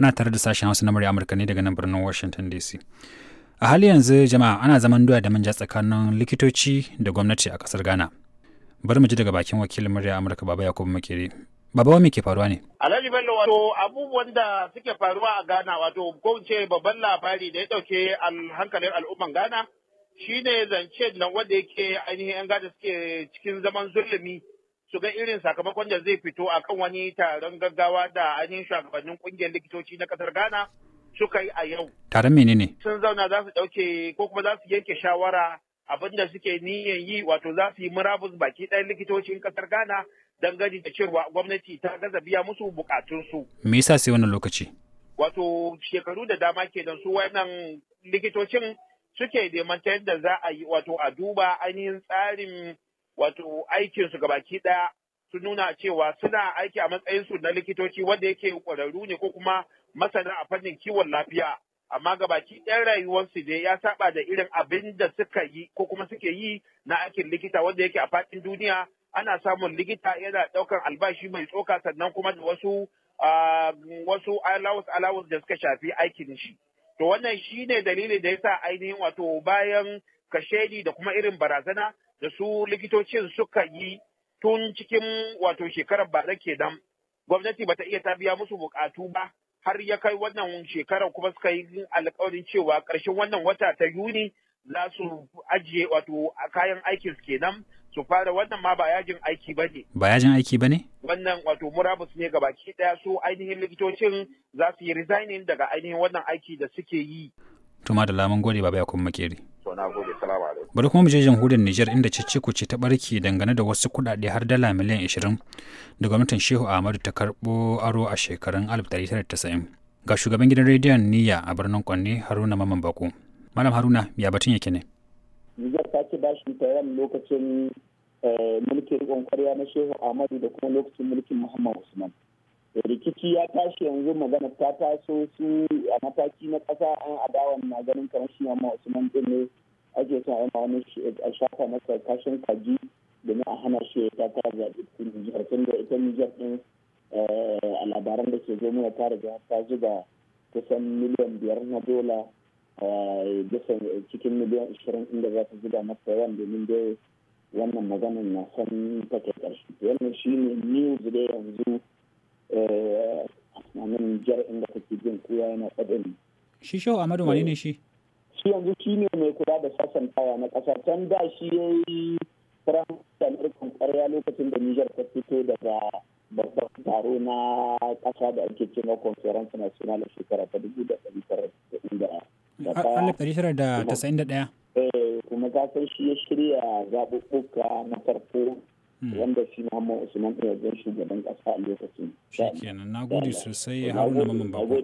ana tare da sashen hausa na murya amurka ne daga nan birnin washington dc a hali yanzu jama'a ana zaman doya da manja tsakanin likitoci da gwamnati a kasar ghana bari mu ji daga bakin wakilin murya amurka baba yakubu makere Baba wani ke faruwa ne? Alhaji Bello wato abubuwan da suke faruwa a Ghana wato ko ce babban labari da ya dauke hankalin al'umman Ghana shine zance nan wanda yake ainihin yan gada suke cikin zaman zulumi su ga irin sakamakon da zai fito a kan wani taron gaggawa da ainihin shugabannin kungiyar likitoci na kasar Ghana suka yi a yau. Taron menene? Sun zauna za su ɗauke ko kuma za su yanke shawara abin da suke niyan yi wato za su yi murabus baki ɗaya likitocin kasar Ghana dangane da cewa gwamnati ta gaza biya musu bukatunsu. Me yasa sai wannan lokaci? Wato shekaru da dama kenan su wannan likitocin suke neman ta yadda za a yi wato a duba ainihin tsarin wato aikinsu gabaki ɗaya sun nuna cewa suna aiki a matsayinsu na likitoci wanda yake ƙwararru ne ko kuma masana a fannin kiwon lafiya amma gabaki ɗayan rayuwarsu ne ya saba da irin abin da suka yi ko kuma suke yi na aikin likita wanda yake a faɗin duniya ana samun likita yana ɗaukar albashi mai tsoka sannan kuma da wasu wasu allowance allowance da suka shafi aikin shi to wannan shine dalilin da yasa ainihin wato bayan kashedi da kuma irin barazana da su likitocin suka yi tun cikin wato shekarar ke kenan gwamnati bata iya ta biya musu bukatu ba har ya kai wannan shekarar kuma suka yi alkawarin cewa ƙarshen wannan wata ta yuni za su ajiye wato kayan aikin su kenan su fara wannan ma ba yajin aiki ba ne. Ba yajin aiki ba ne? Wannan wato murabus ne gabaki daya su ainihin likitocin za su yi resigning daga ainihin wannan aiki da suke yi. Tuma da lamun gode baba ya kuma makeri. To na gode, salamu alaikum. Bari kuma mu je jamhuriyar Nijar inda ku ce ta barke dangane da wasu kuɗaɗe har dala miliyan 20 da gwamnatin Shehu Ahmadu ta karɓo aro a shekarun 1990. Ga shugaban gidan rediyon niya a birnin Kwanne Haruna Maman Bako. Malam Haruna, ya batun yake ne? Nijar ta ci bashi ta lokacin eh, mulkin riƙon kwarya na Shehu Ahmadu da kuma lokacin mulkin Muhammad Usman. rikici ya tashi yanzu magana ta taso su a mataki na ƙasa an adawan na ganin kamar shi Usman din ne ake son a wani a shafa masa kashin kaji domin a hana shi ya takara zaɓe Nijar tun da ita Nijar ɗin eh, a labaran da ke zo ta riga ta zuba kusan miliyan biyar na dola eh, bisa cikin miliyan ashirin inda za ta zuba masa yawan domin dai wannan maganar na son take ƙarshe wannan shi ne news da yanzu eh, a nan jar inda kake jin kowa yana faɗin shi shehu amadu wani ne shi shi yanzu shi ne mai kula da sassan taya na ƙasa can da shi ya yi firaministan ƙarya lokacin da nijar ta fito daga babban taro na ƙasa da ake ce conference national shekara ta dubu da ɗari tara da da ɗaya. Eh, kuma ka san shi ya shirya zaɓuɓɓuka na farko hmm. wanda shi Muhammad Usman ya zan shugaban ƙasa a lokacin. Shi kenan, na gode sosai Haruna Mamman Bako.